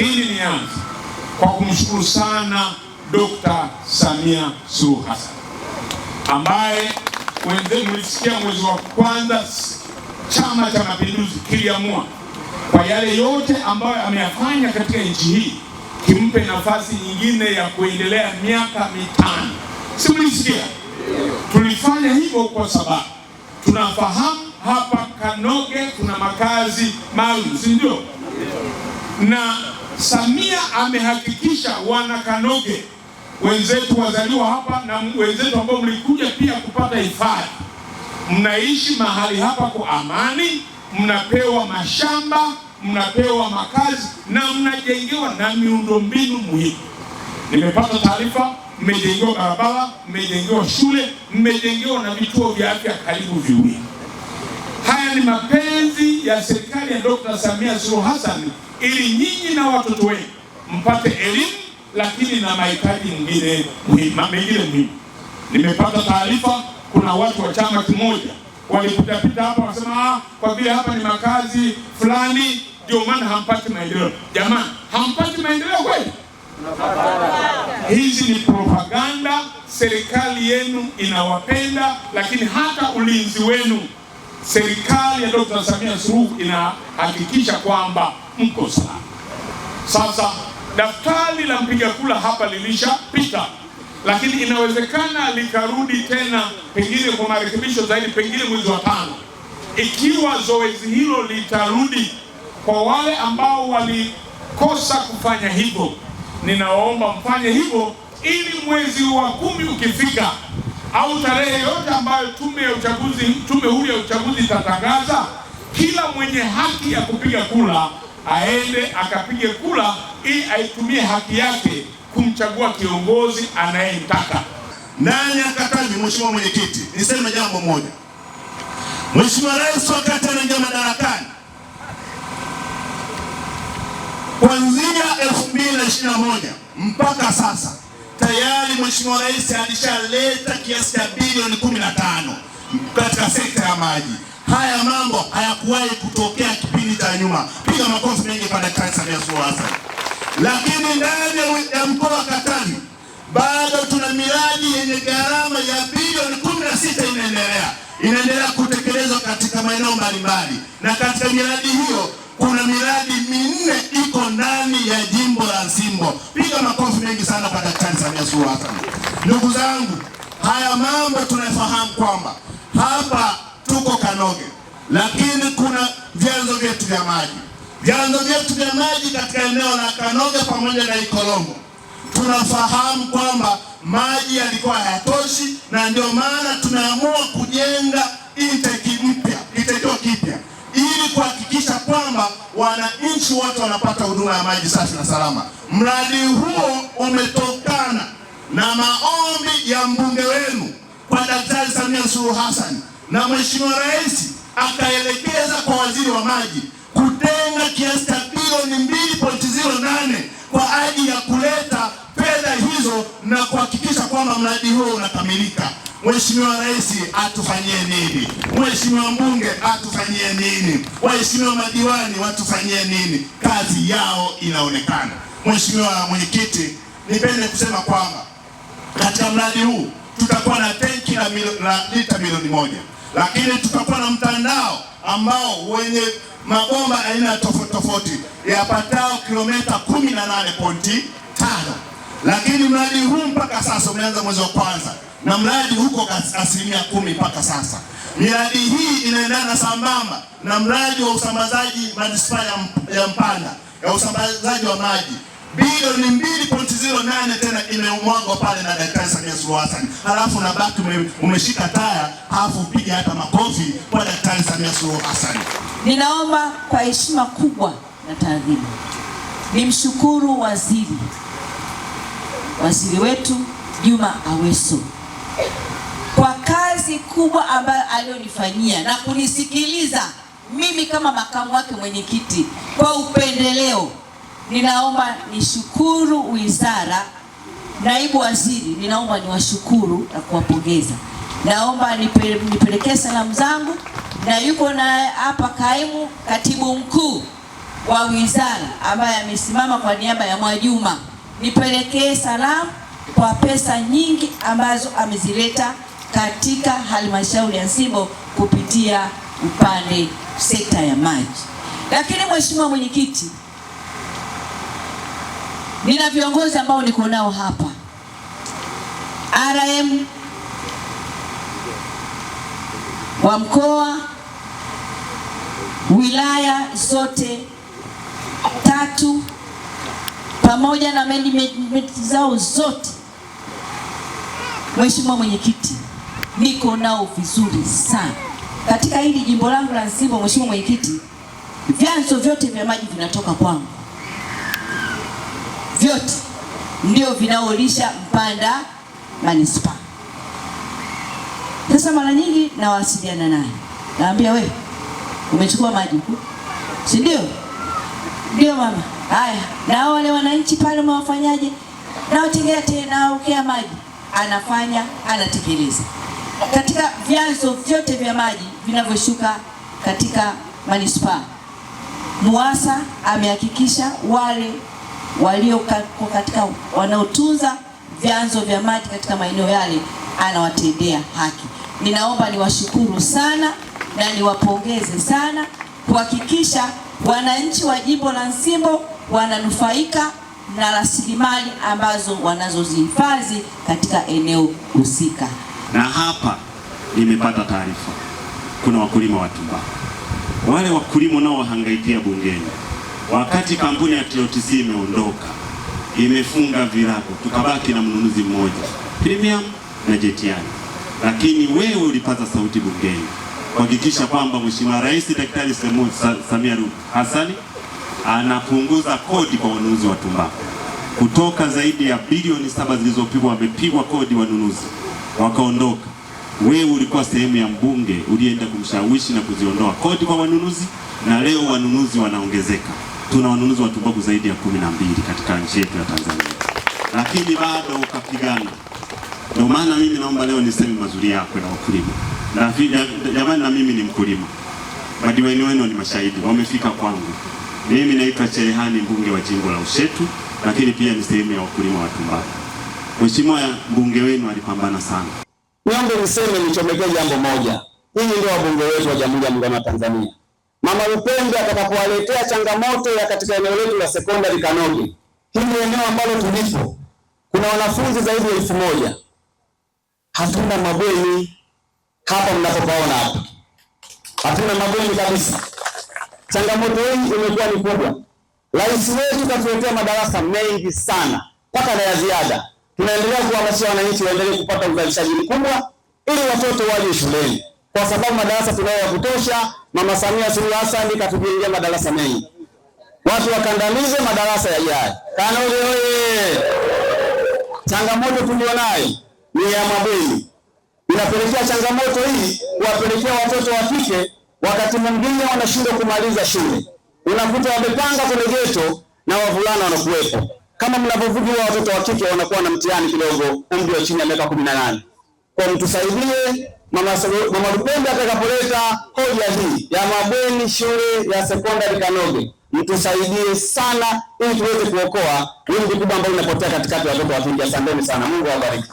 Lakini nianze kwa kumshukuru sana Dr. Samia Suluhu Hassan ambaye wenzenu mlisikia mwezi wa kwanza Chama cha Mapinduzi kiliamua kwa yale yote ambayo ameyafanya katika nchi hii kimpe nafasi nyingine ya kuendelea miaka mitano. Si mlisikia? Tulifanya hivyo kwa sababu tunafahamu hapa Kanoge kuna makazi maalum, si ndio? na Samia amehakikisha wanakanoge wenzetu wazaliwa hapa na wenzetu ambao mlikuja pia kupata hifadhi, mnaishi mahali hapa kwa amani, mnapewa mashamba, mnapewa makazi na mnajengewa na miundombinu muhimu. Nimepata taarifa mmejengewa barabara, mmejengewa shule, mmejengewa na vituo vya afya karibu viwili ni mapenzi ya serikali ya Dr. Samia Suluhu Hassan ili nyinyi na watoto wenu mpate elimu, lakini na mahitaji mengine muhimu. Nimepata taarifa kuna watu wa chama kimoja pita hapa wasema, ah, kwa vile hapa ni makazi fulani ndio maana hampati maendeleo. Jamani, hampati maendeleo kweli? Hizi ni propaganda. Serikali yenu inawapenda, lakini hata ulinzi wenu serikali ya Dr. Samia Suluhu inahakikisha kwamba mko sana Sasa daftari la mpiga kula hapa lilishapita, lakini inawezekana likarudi tena, pengine kwa marekebisho zaidi, pengine mwezi wa tano, ikiwa zoezi hilo litarudi. Kwa wale ambao walikosa kufanya hivyo, ninaomba mfanye hivyo ili mwezi wa kumi ukifika au tarehe yote ambayo tume ya uchaguzi, tume huru ya uchaguzi itatangaza, kila mwenye haki ya kupiga kura aende akapige kura ili aitumie haki yake kumchagua kiongozi anayemtaka. Nani akataji? Mheshimiwa Mwenyekiti, niseme jambo moja. Mheshimiwa Rais wakati anaingia madarakani kuanzia 2021 mpaka sasa tayari Mheshimiwa Rais alishaleta kiasi cha bilioni 15 katika sekta ya maji. Haya mambo hayakuwahi kutokea kipindi cha nyuma. Piga makofi mengi kwa Daktari Samia Suluhu Hassan. Lakini ndani ya mkoa wa Katavi bado tuna miradi yenye gharama ya bilioni 16 inaendelea inaendelea kutekelezwa katika maeneo mbalimbali, na katika miradi hiyo kuna miradi minne iko ndani ya jimbo Kongo. Piga makofi mengi sana kwa Daktari Samia Suluhu Hassan. Ndugu zangu, haya mambo tunafahamu kwamba hapa tuko Kanoge, lakini kuna vyanzo vyetu vya maji. Vyanzo vyetu vya maji katika eneo la Kanoge pamoja na Ikolombo, tunafahamu kwamba maji yalikuwa hayatoshi, na ndio maana tumeamua kujenga inte kwamba wananchi wote wanapata huduma ya maji safi na salama. Mradi huo umetokana na maombi ya mbunge wenu kwa Daktari Samia Suluhu Hassan na Mheshimiwa Rais akaelekeza kwa waziri wa maji kutenga kiasi cha bilioni 2.08 kwa ajili ya kuleta fedha hizo na kuhakikisha kwamba mradi huo unakamilika. Mheshimiwa Rais atufanyie nini? Mheshimiwa mbunge atufanyie nini? Waheshimiwa madiwani watufanyie nini? Kazi yao inaonekana. Mheshimiwa Mwenyekiti, nipende kusema kwamba katika mradi huu tutakuwa na tenki la, la lita milioni moja, lakini tutakuwa na mtandao ambao wenye mabomba aina tofauti tofauti yapatao kilomita 18.5 lakini mradi huu mpaka sasa umeanza mwezi wa kwanza na mradi huko asilimia kumi mpaka sasa. Miradi hii inaendana sambamba na mradi wa usambazaji manispaa ya Mpanda ya usambazaji wa maji bilioni nane tena imeumwagwa pale na Daktari Samia Suluhu Hassan. Halafu na baki umeshika taya, halafu piga hata makofi kwa Daktari Samia Suluhu Hassan. Ninaomba kwa heshima kubwa na taadhima nimshukuru waziri waziri wetu Juma Aweso kwa kazi kubwa ambayo alionifanyia na kunisikiliza mimi kama makamu wake mwenyekiti kwa upendeleo. Ninaomba nishukuru wizara, naibu waziri, ninaomba niwashukuru na kuwapongeza. Naomba nipelekee salamu zangu, na yuko naye hapa kaimu katibu mkuu wa wizara ambaye amesimama kwa niaba ya Mwajuma, nipelekee salamu kwa pesa nyingi ambazo amezileta katika halmashauri ya Nsimbo kupitia upande sekta ya maji. Lakini mheshimiwa mwenyekiti, nina viongozi ambao niko nao hapa RM wa mkoa, wilaya zote tatu, pamoja na management zao zote Mheshimiwa Mwenyekiti, niko nao vizuri sana katika hili jimbo langu la Nsimbo. Mheshimiwa Mwenyekiti, vyanzo vyote vya maji vinatoka kwangu, vyote ndio vinaolisha Mpanda manispaa. Sasa mara nyingi nawasiliana naye, naambia we umechukua maji huko, si ndio? Ndio mama. Haya, na wale wananchi pale umewafanyaje? Nawategea tena aukea maji anafanya, anatekeleza. Katika vyanzo vyote vya maji vinavyoshuka katika manispaa, MUWASA amehakikisha wale walio katika wanaotunza vyanzo vya maji katika maeneo yale anawatendea haki. Ninaomba niwashukuru sana na niwapongeze sana kuhakikisha wananchi wa jimbo la Nsimbo wananufaika na rasilimali ambazo wanazozihifadhi katika eneo husika. Na hapa nimepata taarifa kuna wakulima wa tumbaku, wale wakulima wanaowahangaikia bungeni, wakati kampuni ya TOTC imeondoka imefunga virago, tukabaki na mnunuzi mmoja Premium na Jetiani, lakini wewe ulipaza sauti bungeni kuhakikisha kwamba Mheshimiwa Rais Daktari Samia Ruhu Hassan anapunguza kodi kwa wanunuzi wa tumbaku kutoka zaidi ya bilioni saba zilizopigwa, wamepigwa kodi wanunuzi wakaondoka. Wewe ulikuwa sehemu ya mbunge ulienda kumshawishi na kuziondoa kodi kwa wanunuzi, na leo wanunuzi wanaongezeka. Tuna wanunuzi wa tumbaku zaidi ya kumi na mbili katika nchi yetu ya Tanzania, lakini bado ukapigana. Ndio maana mimi naomba leo niseme mazuri yako na wakulima, na jamani, na mimi ni mkulima. Madiwani wenu ni mashahidi, wamefika kwangu. Mimi naitwa Cherehani, mbunge wa jimbo la Ushetu, lakini pia ni sehemu ya wakulima wa tumbaku. Mheshimiwa mbunge wenu alipambana sana. Niombe niseme, nichomekee jambo moja. Ninyi ndio wabunge wetu wa Jamhuri ya Muungano wa Tanzania. Mama Upendo atakapowaletea changamoto ya katika eneo letu la sekondari Kanoge, hili eneo ambalo tulipo kuna wanafunzi zaidi ya elfu moja hatuna mabweni hapa mnapopaona hapa hatuna mabweni kabisa. Changamoto hii imekuwa ni kubwa. Rais wetu katuletea madarasa mengi sana mpaka na ya ziada. Tunaendelea kuhamasisha wananchi waendelee kupata uzalishaji mkubwa ili watoto waje shuleni, kwa sababu madarasa tunayo ya kutosha. Mama Samia Suluhu Hassan katujengea madarasa mengi, watu wakandamize madarasa yajayo. Kanole oye! Changamoto tulionayo ni ya mabweni inapelekea changamoto hii kuwapelekea watoto wa kike wakati mwingine wanashindwa kumaliza shule. Unakuta wamepanga kwenye geto na wavulana wanakuwepo. Kama mnavyovujua, watoto wa kike wanakuwa na mtihani kidogo umri wa chini ya miaka kumi na nane. Kwa mtusaidie mama mama Lupembe atakapoleta hoja hii ya mabweni shule ya sekondari Kanoge, mtusaidie sana ili tuweze kuokoa hili kubwa ambalo linapotea katikati ya watoto wa kike. Asanteni sana, Mungu awabariki.